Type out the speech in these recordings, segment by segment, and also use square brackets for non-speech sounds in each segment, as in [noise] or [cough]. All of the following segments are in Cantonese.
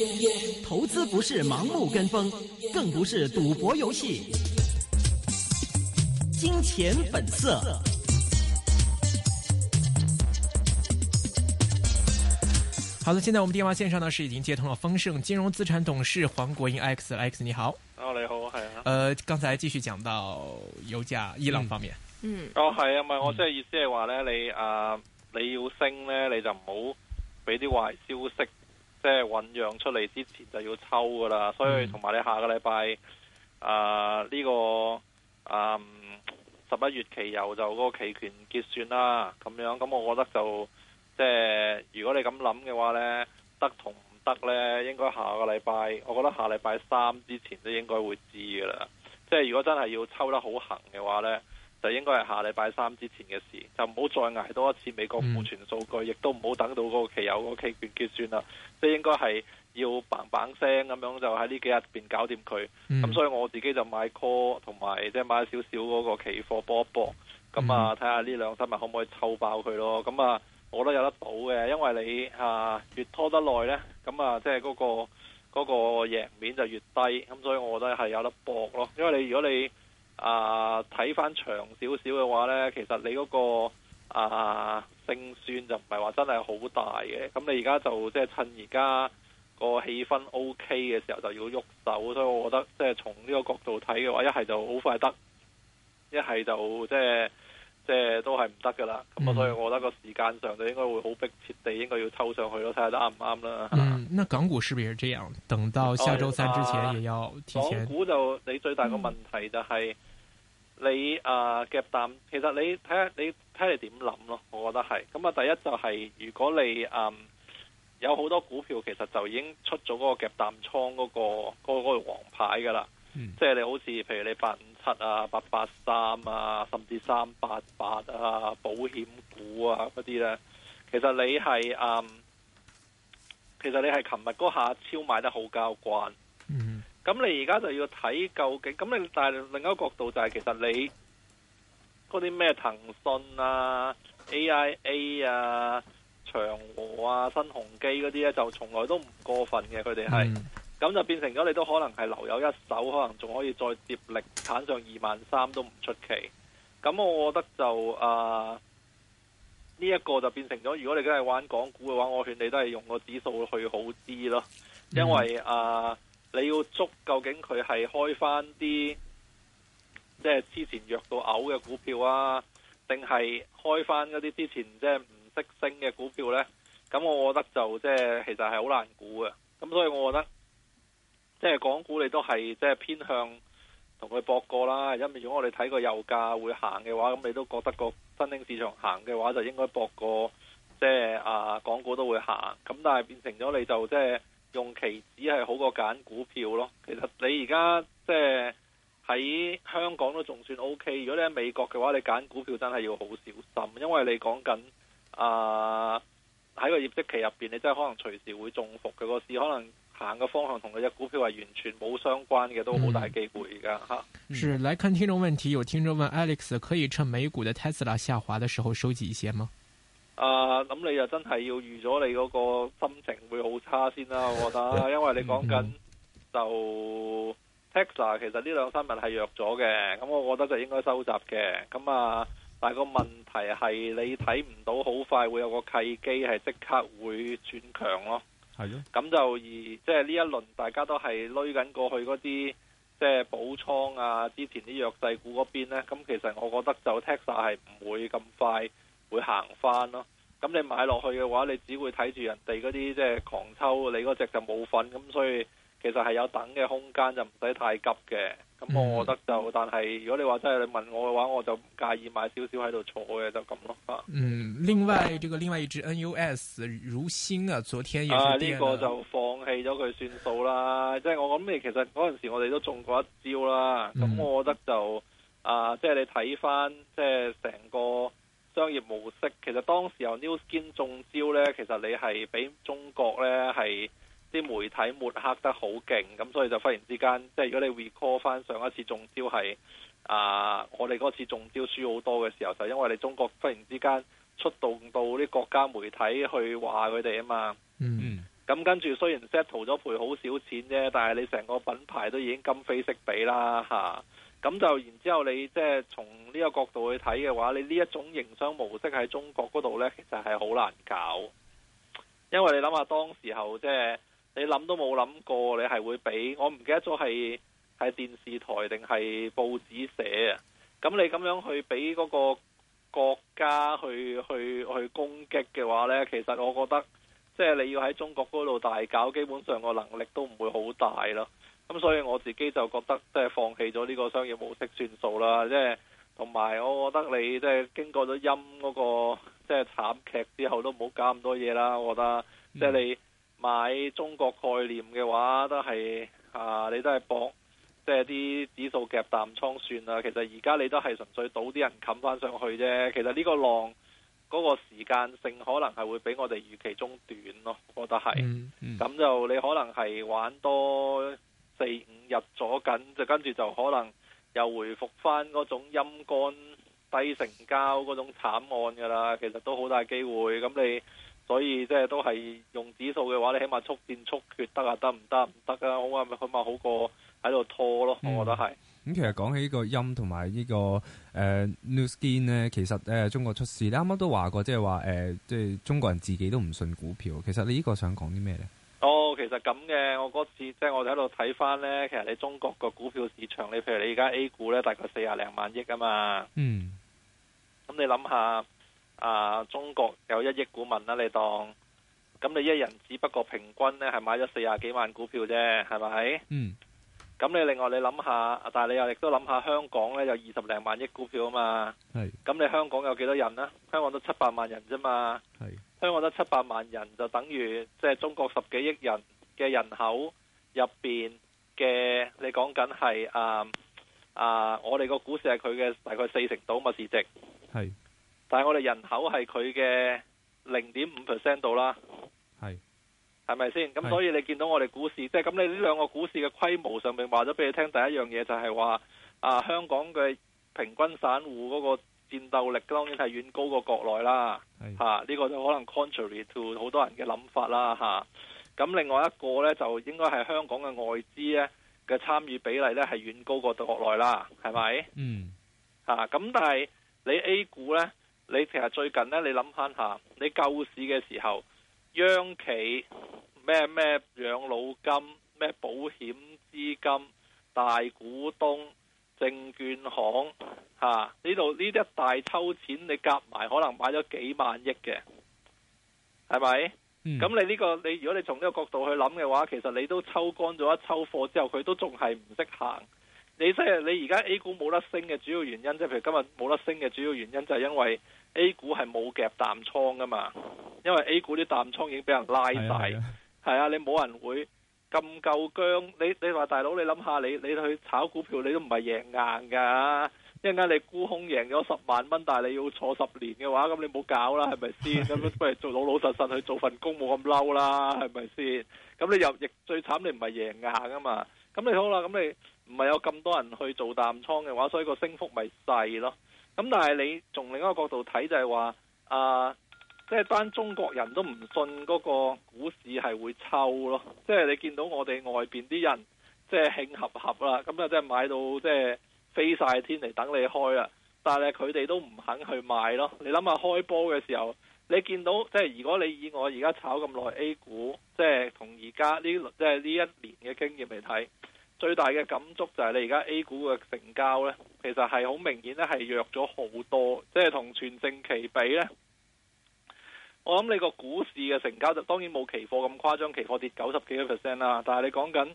Yeah, yeah, yeah, yeah, yeah, yeah. 投資不是盲目跟風，更不是賭博遊戲。金錢本色。好了，現在我們電話線上呢是已經接通了豐盛金融資產董事黃國英 X X，你好。啊，你好，剛才繼續講到油價、伊朗、yeah. yeah. 方面。嗯，哦，係啊，唔係，我即係意思係話咧，你啊，你要升咧，你就唔好俾啲壞消息。即係醞釀出嚟之前就要抽噶啦，所以同埋你下個禮拜啊呢個嗯十一月期油就嗰個期權結算啦，咁樣咁我覺得就即係、就是、如果你咁諗嘅話呢，得同唔得呢？應該下個禮拜，我覺得下禮拜三之前都應該會知噶啦。即、就、係、是、如果真係要抽得好行嘅話呢。就應該係下禮拜三之前嘅事，就唔好再捱多一次美國庫存數據，亦、嗯、都唔好等到嗰個期有、嗰個期權結算啦。即係應該係要砰砰聲咁樣就喺呢幾日邊搞掂佢。咁、嗯、所以我自己就買 call 同埋即係買少少嗰個期貨搏一搏。咁啊，睇下呢兩日咪可唔可以湊爆佢咯。咁啊，我都有得補嘅，因為你啊越拖得耐呢，咁啊即係嗰個嗰、嗰個贏面就越低。咁所以，我覺得係有得搏咯。因為你如果你啊，睇翻長少少嘅話呢，其實你嗰、那個啊勝算就唔係話真係好大嘅。咁、嗯、你而家就即係、就是、趁而家個氣氛 OK 嘅時候就要喐手，所以我覺得即係、就是、從呢個角度睇嘅話，一係就好快得，一係就即係即係都係唔得㗎喇。咁啊，所以我覺得個時間上就應該會好逼切地應該要抽上去囉，睇下得啱唔啱啦。港股係咪係咁樣？等到下周三之前也要提前、啊。港股就你最大嘅問題就係。嗯嗯你啊，夾、呃、淡，其實你睇下，你睇你點諗咯？我覺得係咁啊。第一就係、是，如果你嗯有好多股票，其實就已經出咗嗰個夾淡倉嗰個嗰個黃、那個那個、牌噶啦。嗯、即係你好似譬如你八五七啊、八八三啊、甚至三八八啊、保險股啊嗰啲咧，其實你係嗯，其實你係琴日嗰下超買得好交關。咁你而家就要睇究竟，咁你但係另一個角度就係其實你嗰啲咩騰訊啊、AIA 啊、長和啊、新鴻基嗰啲咧，就從來都唔過分嘅，佢哋係，咁、嗯、就變成咗你都可能係留有一手，可能仲可以再接力攤上二萬三都唔出奇。咁我覺得就啊，呢、呃、一、這個就變成咗，如果你都係玩港股嘅話，我勸你都係用個指數去好啲咯，因為啊。嗯呃你要捉究竟佢係開翻啲即係之前弱到嘔嘅股票啊，定係開翻一啲之前即係唔識升嘅股票咧？咁我覺得就即係其實係好難估嘅。咁所以我覺得即係港股你都係即係偏向同佢搏過啦。因為如果我哋睇個油價會行嘅話，咁你都覺得個新興市場行嘅話就應該搏過，啊，即係啊港股都會行。咁但係變成咗你就即係。用期指係好過揀股票咯，其實你而家即係喺香港都仲算 OK。如果你喺美國嘅話，你揀股票真係要好小心，因為你講緊啊喺、呃、個業績期入邊，你真係可能隨時會中伏，佢個市，可能行嘅方向同佢隻股票係完全冇相關嘅，都好大機會而家嚇。嗯嗯、是，來看聽眾問題，有聽眾問 Alex，可以趁美股嘅 Tesla 下滑嘅時候收集一些嗎？啊，咁你又真係要預咗你嗰個心情會好差先啦，我覺得，因為你講緊就 Texas、嗯嗯嗯、其實呢兩三日係弱咗嘅，咁我覺得就應該收集嘅，咁啊，但係個問題係你睇唔到好快會有個契機係即刻會轉強咯，係咁的就而即係呢一輪大家都係攏緊過去嗰啲即係補倉啊，之前啲弱勢股嗰邊咧，咁其實我覺得就 Texas 係唔會咁快。會行翻咯。咁你買落去嘅話，你只會睇住人哋嗰啲即係狂抽，你嗰隻就冇份咁。所以其實係有等嘅空間，就唔使太急嘅。咁我覺得就，嗯、但係如果你話真係你問我嘅話，我就唔介意買少少喺度坐嘅，就咁咯，嗯，另外呢、這個另外一支 NUS 如新啊，昨天啊呢、這個就放棄咗佢算數啦。即係我諗，其實嗰陣時我哋都中過一招啦。咁我覺得就、嗯、啊，即係你睇翻即係成個。商業模式其實當時候 New Skin 中招呢，其實你係俾中國呢，係啲媒體抹黑得好勁，咁所以就忽然之間，即係如果你 recall 翻上一次中招係啊，我哋嗰次中招輸好多嘅時候，就因為你中國忽然之間出動到啲國家媒體去話佢哋啊嘛、mm. 嗯，嗯，咁、嗯、跟住雖然 settle 咗賠好少錢啫，但係你成個品牌都已經今非昔比啦嚇。啊咁就然之後，你即係從呢個角度去睇嘅話，你呢一種營商模式喺中國嗰度呢，其實係好難搞。因為你諗下當時候，即係你諗都冇諗過，你係會俾我唔記得咗係係電視台定係報紙寫啊。咁你咁樣去俾嗰個國家去去去攻擊嘅話呢，其實我覺得即係你要喺中國嗰度大搞，基本上個能力都唔會好大咯。咁、嗯、所以我自己就覺得即係放棄咗呢個商業模式算數啦。即係同埋，我覺得你即係經過咗陰嗰個即係慘劇之後都唔好搞咁多嘢啦。我覺得即係你買中國概念嘅話都係啊，你都係搏即係啲指數夾淡倉算啦。其實而家你都係純粹賭啲人冚翻上去啫。其實呢個浪嗰個時間性可能係會比我哋預期中短咯，我覺得係咁、嗯嗯、就你可能係玩多四五日咗緊，就跟住就可能又回復翻嗰種陰乾低成交嗰種慘案噶啦，其實都好大機會。咁你所以即係都係用指數嘅話，你起碼速戰速決得啊？得唔得？唔得啊！好啊，起碼好過喺度拖咯。嗯、我覺得係。咁、嗯、其實講起呢個陰同埋呢個誒、呃、Nu Skin 呢，其實誒、呃、中國出事，你啱啱都話過，即係話誒即係中國人自己都唔信股票。其實你呢個想講啲咩咧？哦，其實咁嘅，我嗰次即係我哋喺度睇翻呢。其實你中國個股票市場，你譬如你而家 A 股呢，大概四廿零萬億啊嘛。嗯。咁你諗下，啊，中國有一億股民啦，你當，咁你一人只不過平均呢，係買咗四廿幾萬股票啫，係咪？嗯。咁你另外你諗下，但係你又亦都諗下香港呢，有二十零萬億股票啊嘛。係。咁你香港有幾多人呢？香港都七百萬人啫嘛。係。香港得七百萬人，就等於即係中國十幾億人嘅人口入邊嘅。你講緊係啊啊！我哋個股市係佢嘅大概四成度嘛，市值，係是。但係我哋人口係佢嘅零點五 percent 度啦。係係咪先？咁是所以你見到我哋股市是即係咁，你呢兩個股市嘅規模上面話咗俾你聽，第一樣嘢就係話啊，香港嘅平均散戶嗰個。戰鬥力當然係遠高過國內啦，嚇呢的、啊呢個就可能 contrary to 好多人嘅諗法啦，嚇、啊。咁另外一個呢，就應該係香港嘅外資呢嘅參與比例呢，係遠高過國內啦，係咪？嗯，嚇咁、啊、但係你 A 股呢，你其實最近呢，你諗翻下，你救市嘅時候，央企咩咩養老金、咩保險資金大股東。證券行吓，呢度呢啲一大抽錢，你夾埋可能買咗幾萬億嘅，係咪？嗯。咁你呢個你如果你從呢個角度去諗嘅話，其實你都抽乾咗一抽貨之後，佢都仲係唔識行。你即係你而家 A 股冇得升嘅主要原因，即係譬如今日冇得升嘅主要原因就係因為 A 股係冇夾淡倉噶嘛，因為 A 股啲淡倉已經俾人拉晒，係啊的的，你冇人會。咁夠薑，你你話大佬，你諗下，你想想你，你去炒股票，你都唔係贏硬㗎，一陣間你沽空贏咗十萬蚊，但係你要坐十年嘅話，咁你冇搞啦，係咪先？咁 [laughs] 不如做老老實實去做份工，冇咁嬲啦，係咪先？咁你又亦最慘，你唔係贏硬㗎嘛，咁你好啦，咁你唔係有咁多人去做淡倉嘅話，所以個升幅咪細囉。咁但係你從另一個角度睇就係話啊。呃即係班中國人都唔信嗰個股市係會抽咯，即係你見到我哋外邊啲人，即係慶合合啦，咁啊即係買到即係飛晒天嚟等你開喇。但係佢哋都唔肯去賣咯。你諗下開波嘅時候，你見到即係如果你以我而家炒咁耐 A 股，即係同而家呢即係呢一年嘅經驗嚟睇，最大嘅感觸就係你而家 A 股嘅成交呢，其實係好明顯咧係弱咗好多，即係同全盛期比呢。我諗你個股市嘅成交就當然冇期貨咁誇張，期貨跌九十幾個 percent 啦。但係你講緊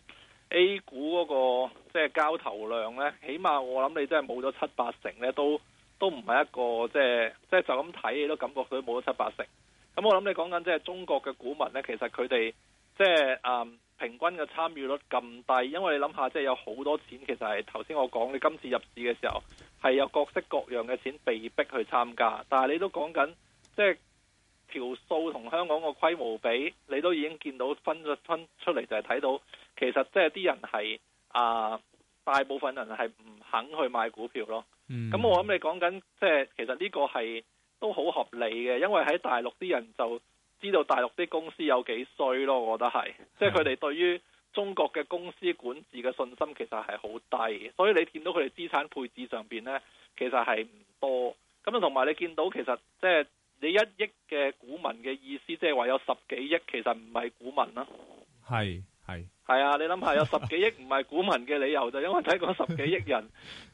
A 股嗰、那個即係、就是、交投量呢，起碼我諗你真係冇咗七八成呢，都都唔係一個即係即係就咁、是、睇、就是、你都感覺佢冇咗七八成。咁、嗯、我諗你講緊即係中國嘅股民呢，其實佢哋即係誒平均嘅參與率咁低，因為你諗下即係有好多錢，其實係頭先我講你今次入市嘅時候係有各式各樣嘅錢被逼去參加，但係你都講緊即係。就是條數同香港個規模比，你都已經見到分咗分出嚟，就係睇到其實即係啲人係啊、呃，大部分人係唔肯去買股票咯。咁、嗯、我諗你講緊即係其實呢個係都好合理嘅，因為喺大陸啲人就知道大陸啲公司有幾衰咯。我覺得係，即係佢哋對於中國嘅公司管治嘅信心其實係好低，所以你見到佢哋資產配置上邊呢，其實係唔多。咁啊，同埋你見到其實即、就、係、是。你一億嘅股民嘅意思，即係話有十幾億，其實唔係股民啦。係係係啊！你諗下，有十幾億唔係股民嘅理由就 [laughs] 因為睇過十幾億人，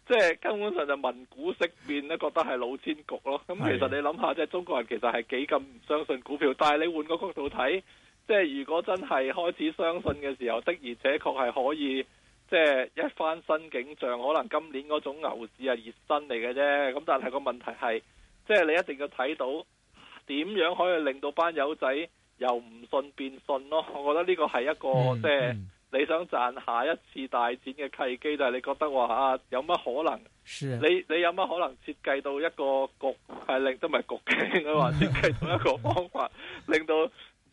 即係根本上就聞股色變咧，覺得係老千局咯。咁其實你諗下，即係中國人其實係幾咁唔相信股票，但係你換個角度睇，即係如果真係開始相信嘅時候的，而且確係可以即係一番新景象，可能今年嗰種牛市係熱身嚟嘅啫。咁但係個問題係。即係你一定要睇到點樣可以令到班友仔由唔信變信咯，我覺得呢個係一個、嗯、即係你想賺下一次大戰嘅契機，就係、是、你覺得話啊有乜可能？是你你有乜可能設計到一個局係令都唔係局嘅話，設計到一個方法 [laughs] 令到。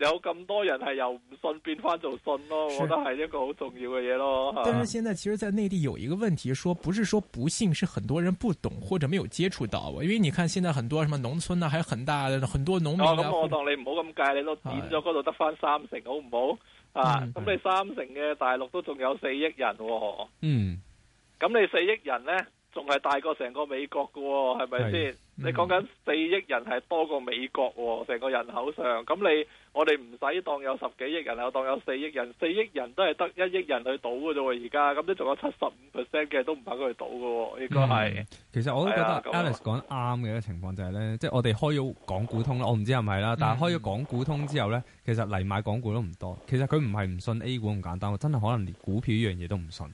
有咁多人係由唔信變翻做信咯，是我覺得係一個好重要嘅嘢咯。但是現在其實在內地有一個問題說，說不是說不信，是很多人不懂或者沒有接觸到。因為你看現在很多什麼農村呢、啊，還有很大，很多農民。咁我當你唔好咁介，你都佔咗嗰度得翻三成，好唔好？啊，咁你三成嘅大陸都仲有四億人。嗯，咁你四億人呢，仲係大過成個美國噶、哦，係咪先？你講緊四億人係多過美國喎，成個人口上咁你我哋唔使當有十幾億人，我當有四億人，四億人都係得一億人去賭嘅啫喎，而家咁都仲有七十五 percent 嘅都唔肯去賭嘅喎，應該係。其實我都覺得 Alex 講啱嘅一個情況就係、是、咧，即係、嗯、我哋開咗港股通啦，我唔知係咪係啦，嗯、但係開咗港股通之後咧，其實嚟買港股都唔多。其實佢唔係唔信 A 股咁簡單，真係可能連股票呢樣嘢都唔信。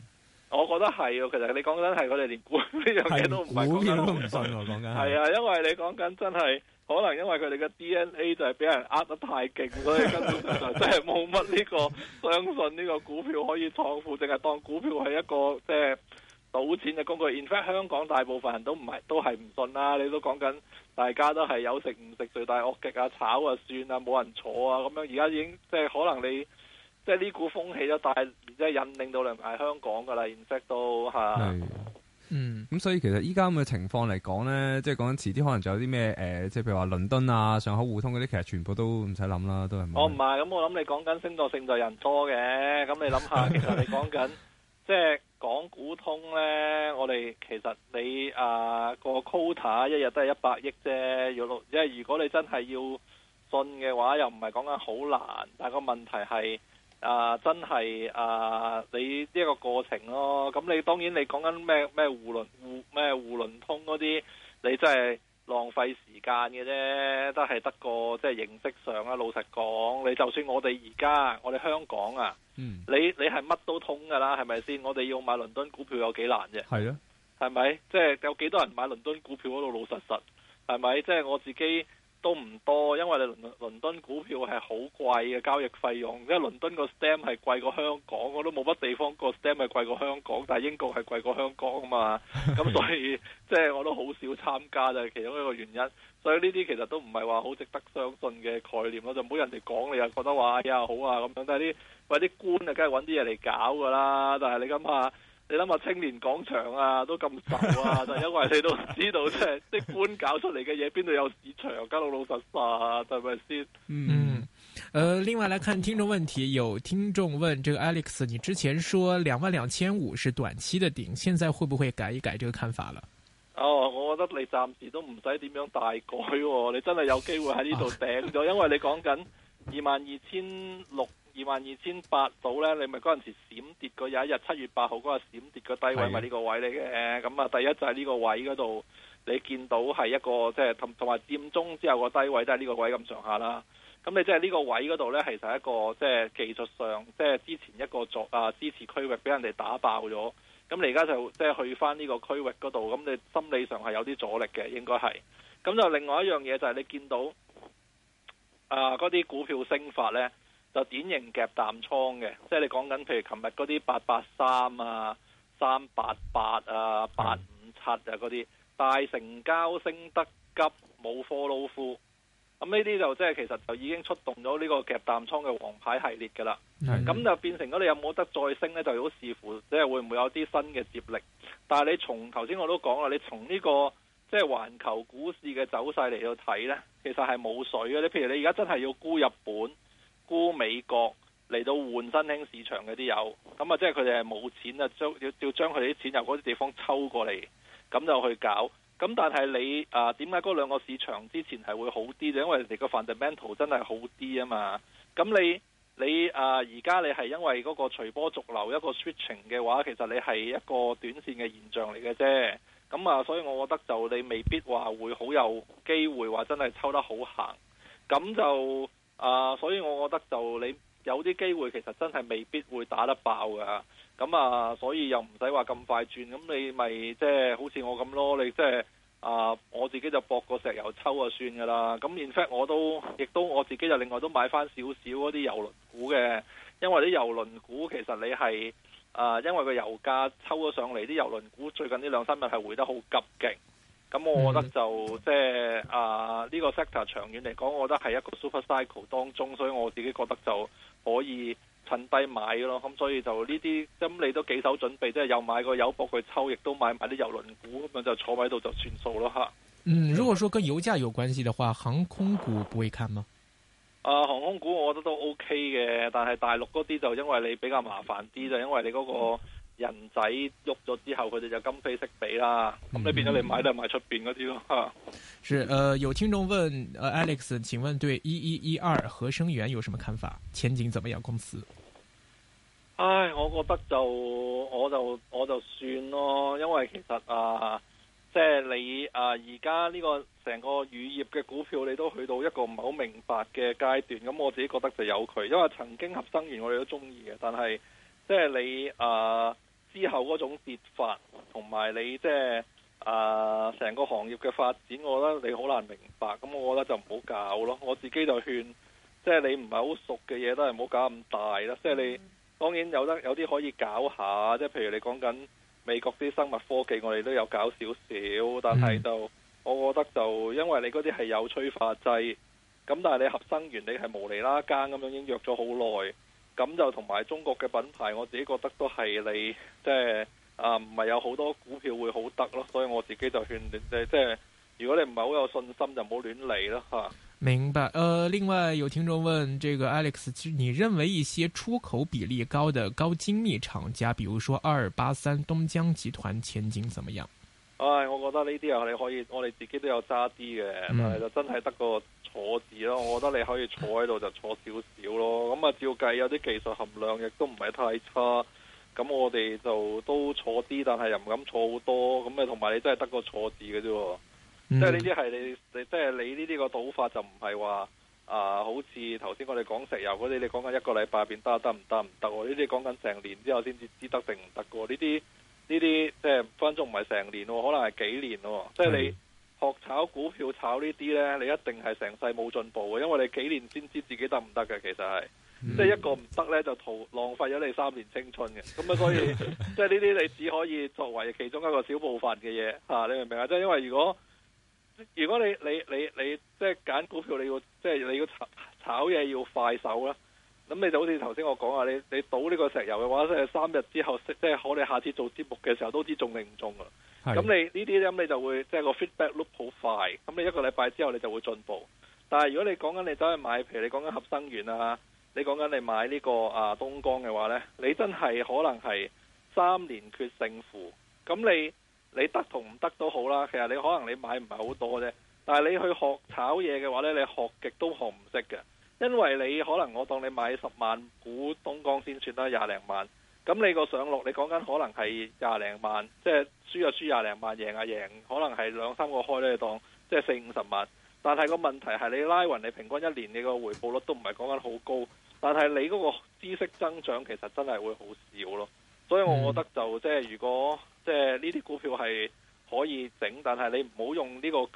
我覺得係哦，其實你講緊係，我哋連股呢樣嘢都唔係講緊都唔信喎，講緊係啊，因為你講緊真係可能因為佢哋嘅 DNA 就係俾人呃得太勁， [laughs] 所以根本就真係冇乜呢個相信呢個股票可以創富，淨係當股票係一個即係、就是、賭錢嘅工具。In fact，香港大部分人都唔係都係唔信啦、啊。你都講緊大家都係有食唔食最大惡極啊，炒啊算啊，冇人坐啊咁樣，而家已經即係、就是、可能你。即係呢股風氣都帶，即係引領到嚟係香港㗎啦，認識到嚇。是啊、嗯，咁、嗯、所以其實依家咁嘅情況嚟講咧，即係講緊遲啲可能就有啲咩誒，即係譬如話倫敦啊、上海互通嗰啲，其實全部都唔使諗啦，都係。哦，唔係，咁、嗯、我諗你講緊星座勝在人多嘅，咁你諗下，其實你講緊 [laughs] 即係港股通咧，我哋其實你啊個 quota 一日都係一百億啫，要錄，即係如果你真係要信嘅話，又唔係講緊好難，但係個問題係。啊，真係啊，你呢個過程咯，咁、嗯、你當然你講緊咩咩互聯互咩互聯通嗰啲，你真係浪費時間嘅啫，都係得個即係形式上啦。老實講，你就算我哋而家我哋香港啊，嗯、你你係乜都通噶啦，係咪先？我哋要買倫敦股票有幾難啫？係咯，係咪？即係、就是、有幾多人買倫敦股票嗰度老實實？係咪？即、就、係、是、我自己。都唔多，因為你倫敦股票係好貴嘅交易費用，因為倫敦個 stamp 係貴過香港，我都冇乜地方、個 stamp 係貴過香港，但係英國係貴過香港啊嘛，咁 [laughs] 所以即係我都好少參加就係、是、其中一個原因，所以呢啲其實都唔係話好值得相信嘅概念，我就唔好人哋講你又覺得話哎呀好啊咁樣，但係啲為啲官啊，梗係揾啲嘢嚟搞噶啦，但係你諗下。你諗下青年廣場啊，都咁愁啊，就是、因為你都知道，即係即官搞出嚟嘅嘢，邊度有市場？而家老老實實啊，係咪先？嗯，誒、呃，另外嚟看聽眾問題，有聽眾問：這個 Alex，你之前說兩萬兩千五是短期的頂，現在會不會改一改這個看法了？哦，我覺得你暫時都唔使點樣大改、哦，你真係有機會喺呢度頂咗，啊、因為你講緊二萬二千六。二萬二千八度呢，你咪嗰陣時閃跌過有一日七月八號嗰日閃跌個低位咪呢的個位嚟嘅？咁、嗯、啊，第一就係呢個位嗰度你見到係一個即係同同埋佔中之後個低位都係呢個位咁上下啦。咁你即係呢個位嗰度呢，其實係一個即係技術上即係之前一個阻啊支持區域俾人哋打爆咗。咁你而家就即係去翻呢個區域嗰度，咁你心理上係有啲阻力嘅，應該係。咁就另外一樣嘢就係、是、你見到啊嗰啲股票升法呢。就典型夾淡倉嘅，即係你講緊，譬如琴日嗰啲八八三啊、三八八啊、八五七啊嗰啲的大成交升得急冇科老夫。咁呢啲就即係其實就已經出動咗呢個夾淡倉嘅王牌系列㗎啦。咁的就變成咗你有冇得再升呢？就好視乎即係會唔會有啲新嘅接力。但係你從頭先我都講啦，你從呢、這個即係環球股市嘅走勢嚟到睇呢，其實係冇水嘅。你譬如你而家真係要沽日本。估美國嚟到換新興市場嘅啲友，咁啊，即係佢哋係冇錢啊，要要將佢哋啲錢由嗰啲地方抽過嚟，咁就去搞。咁但係你啊，點解嗰兩個市場之前係會好啲？因為人哋個 fundamental 真係好啲啊嘛。咁你你啊，而、呃、家你係因為嗰個隨波逐流一個 switching 嘅話，其實你係一個短線嘅現象嚟嘅啫。咁啊，所以我覺得就你未必話會好有機會話真係抽得好行。咁就。嗯啊，uh, 所以我覺得就你有啲機會，其實真係未必會打得爆噶。咁啊，uh, 所以又唔使話咁快轉。咁你咪即係好似我咁咯，你即係啊，uh, 我自己就博個石油抽就算噶啦。咁 in fact 我都亦都我自己就另外都買翻少少嗰啲油輪股嘅，因為啲油輪股其實你係啊，uh, 因為個油價抽咗上嚟，啲油輪股最近呢兩三日係回得好急勁。咁、嗯、我覺得就即係啊呢個 sector 長遠嚟講，我覺得係一個 super cycle 當中，所以我自己覺得就可以趁低買咯。咁、嗯、所以就呢啲咁你都幾手準備，即係又買個油博去抽，亦都買埋啲油輪股咁樣就坐喺度就算數咯嚇。嗯，如果說跟油價有關係的話，航空股不會看嗎？嗯、啊，航空股我覺得都 OK 嘅，但係大陸嗰啲就因為你比較麻煩啲就因為你嗰、那個。嗯人仔喐咗之後，佢哋就今非昔比啦。咁你、嗯、變咗你買都係買出邊嗰啲咯。有聽眾問、呃、，Alex 請問對一一一二合生元有什麼看法？前景怎麼樣？公司？唉，我覺得就我就我就算咯，因為其實啊，即、呃、係、就是、你啊，而家呢個成個乳業嘅股票，你都去到一個唔係好明白嘅階段。咁我自己覺得就有佢，因為曾經合生元我哋都中意嘅，但係即係你啊。呃之後嗰種跌法，同埋你即係啊，成、呃、個行業嘅發展，我覺得你好難明白。咁我覺得就唔好搞咯。我自己就勸，即係你唔係好熟嘅嘢都係唔好搞咁大啦。即係你、mm hmm. 當然有得有啲可以搞下，即係譬如你講緊美國啲生物科技，我哋都有搞少少，但係就、mm hmm. 我覺得就因為你嗰啲係有催化劑，咁但係你合生元你係無厘啦更咁樣已經約咗好耐。咁就同埋中國嘅品牌，我自己覺得都係你即係啊，唔、呃、係有好多股票會好得咯，所以我自己就勸你即係，如果你唔係好有信心，就唔好亂嚟咯嚇。明白。呃，另外有聽眾問，這個 Alex，你認為一些出口比例高的高精密廠家，比如說二八三、東江集團前景怎麼樣？唉、哎，我覺得呢啲啊，你可以我哋自己都有揸啲嘅，咪、嗯、就真係得個坐字咯，我覺得你可以坐喺度就坐少少咯。咁、嗯、啊，照計有啲技術含量，亦都唔係太差。咁我哋就都坐啲，但係又唔敢坐好多。咁啊，同埋你真係得個「坐」字嘅啫。即係呢啲係你，你即係、就是、你呢啲個賭法就唔係話啊，好似頭先我哋講石油嗰啲，你講緊一個禮拜便得得唔得唔得？呢啲講緊成年之後先至知得定唔得嘅。呢啲呢啲即係分鐘唔係成年喎，可能係幾年喎。即、就、係、是、你。嗯學炒股票炒呢啲呢，你一定係成世冇進步嘅，因為你幾年先知自己得唔得嘅，其實係，即係、嗯、一個唔得呢，就浪費咗你三年青春嘅，咁啊所以 [laughs] 即係呢啲你只可以作為其中一個小部分嘅嘢吓，你明唔明啊？即係因為如果如果你你你你即係揀股票你要即係、即係、你要炒炒嘢要快手啦。咁你就好似頭先我講啊，你你倒呢個石油嘅話，即係三日之後，即係我哋下次做節目嘅時候都知中定唔中噶啦。咁你呢啲咧，咁你就會即係個 feedback loop 好快。咁你一個禮拜之後，你就會進步。但係如果你講緊你走去買，譬如你講緊合生元啊，你講緊你買呢個啊東江嘅話呢，你真係可能係三年決勝負。咁你你得同唔得都好啦。其實你可能你買唔係好多啫，但係你去學炒嘢嘅話呢，你學極都學唔識嘅。因為你可能我當你買十萬股東江先算啦，廿零萬咁你個上落你講緊可能係廿零萬，即係輸啊輸廿零萬，贏啊贏，可能係兩三個開都當即係四五十萬。但係個問題係你拉匀，你平均一年你個回報率都唔係講緊好高。但係你嗰個知識增長其實真係會好少咯。所以我覺得就即係如果即係呢啲股票係可以整，但係你唔好用呢個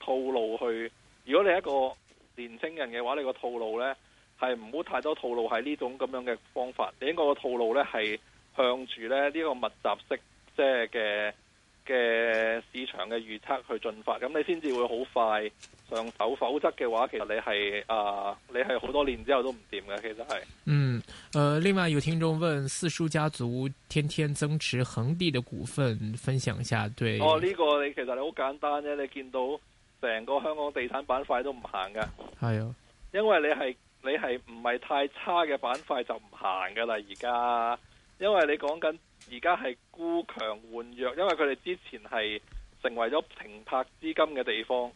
套路去。如果你係一個年青人嘅話，你個套路呢係唔好太多套路，係呢種咁樣嘅方法。你應該個套路呢係向住咧呢、呢個密集式即係嘅嘅市場嘅預測去進發，咁你先至會好快上手。否則嘅話，其實你係啊、呃，你係好多年之後都唔掂嘅。其實係嗯，誒、呃，另外有聽眾問：四叔家族天天增持恒地嘅股份，分享下對哦呢、呢個你其實你好簡單啫，你見到。成個香港地產板塊都唔行噶，係啊的，因為你係你係唔係太差嘅板塊就唔行噶啦而家，因為你講緊而家係沽強換弱，因為佢哋之前係成為咗停泊資金嘅地方，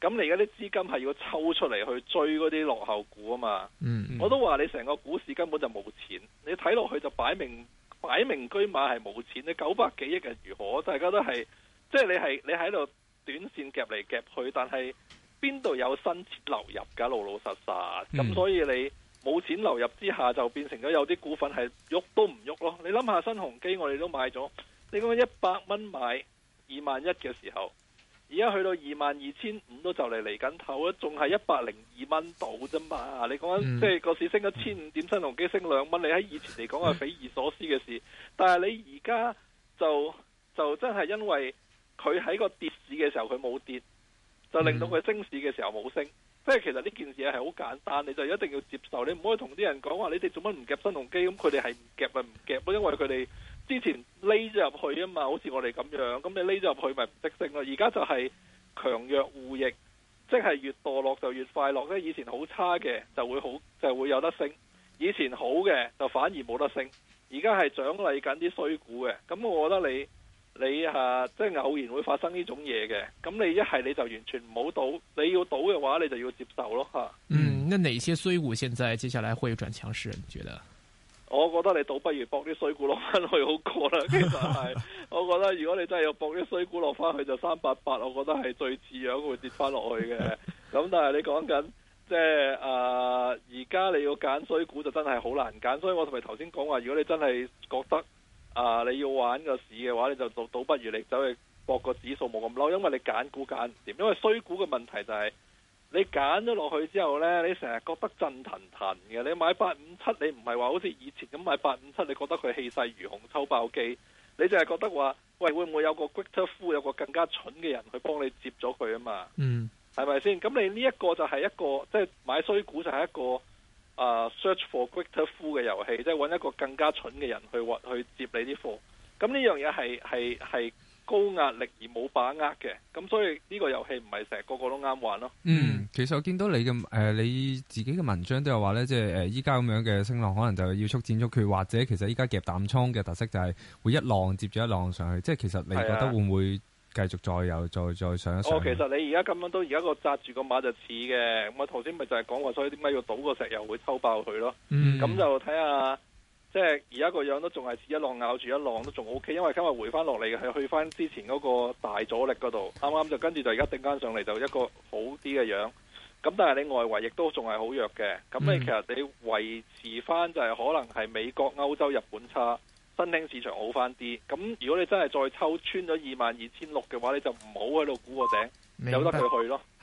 咁你而家啲資金係要抽出嚟去追嗰啲落後股啊嘛，嗯，嗯，我都話你成個股市根本就冇錢，你睇落去就擺明擺明車馬係冇錢，你九百幾億係如何，大家都係，即係你係你喺度。短線夾嚟夾去，但係邊度有新錢流入噶？老老實實咁，嗯、所以你冇錢流入之下，就變成咗有啲股份係喐都唔喐咯。你諗下新鴻基，我哋都買咗，你講一百蚊買二萬一嘅時候，而家去到二萬二千五都就嚟嚟緊頭啦，仲係一百零二蚊到啫嘛。你講、嗯、即係個市升咗千五點，新鴻基升兩蚊，你喺以前嚟講係匪夷所思嘅事，嗯嗯、但係你而家就就真係因為。佢喺個跌市嘅時候佢冇跌，就令到佢升市嘅時候冇升，嗯、即係其實呢件事係好簡單，你就一定要接受，你唔可以同啲人講話你哋做乜唔夾新鴻基，咁佢哋係唔夾咪唔夾，因為佢哋之前匿咗入去啊嘛，好似我哋咁樣，咁、嗯、你匿咗入去咪唔識升咯。而家就係強弱互逆，即係越墮落就越快樂，即係以前好差嘅就會好就會有得升，以前好嘅就反而冇得升，而家係獎勵緊啲衰股嘅，咁我覺得你。你吓、啊、即係偶然會發生呢種嘢嘅，咁你一係你就完全唔好賭，你要賭嘅話你就要接受咯吓。嗯，那哪些衰股現在接下來會有轉強勢？你覺得？我覺得你倒不如博啲衰股落翻去好過啦。其實係， [laughs] 我覺得如果你真係要博啲衰股落翻去，就三八八，我覺得係最似樣會跌翻落去嘅。咁 [laughs] 但係你講緊即係誒，呃、而家你要揀衰股就真係好難揀，所以我同你頭先講話，如果你真係覺得。啊！你要玩個市嘅話，你就倒倒不如你走去博個指數冇咁嬲，因為你揀股揀唔掂。因為衰股嘅問題就係、是、你揀咗落去之後呢，你成日覺得震騰騰嘅，你買八五七你唔係話好似以前咁買八五七，你覺得佢氣勢如虹抽爆機，你就係覺得話喂，會唔會有個 greater fool 有個更加蠢嘅人去幫你接咗佢啊嘛？嗯，係咪先？咁你呢一個就係一個即係買衰股就係一個。啊、uh，search for greater fool 嘅遊戲，即係揾一個更加蠢嘅人去去接你啲貨，咁呢樣嘢係係係高壓力而冇把握嘅，咁所以呢個遊戲唔係成日個個都啱玩咯。嗯，其實我見到你嘅誒、呃、你自己嘅文章都有話呢，即係誒依家咁樣嘅升浪，可能就要速戰速決，或者其實依家夾淡倉嘅特色就係會一浪接住一浪上去，即係其實你覺得會唔會、啊？繼續再有，再再上一上，哦，其實你而家咁樣都而家個紮住個馬就似嘅，咁我頭先咪就係講過，所以點解要倒個石油會抽爆佢咯？咁、嗯、就睇下，即係而家個樣都仲係似一浪咬住一浪都仲 O K，因為今日回翻落嚟嘅係去翻之前嗰個大阻力嗰度，啱啱，就跟住就而家頂翻上嚟就一個好啲嘅樣，樣，咁但係你外圍亦都仲係好弱嘅，咁你其實你維持翻就係可能係美國、歐洲、日本差。新興市場好翻啲，咁如果你真係再抽穿咗二萬二千六嘅話，你就唔好喺度估個頂，由得佢去咯。 [noise]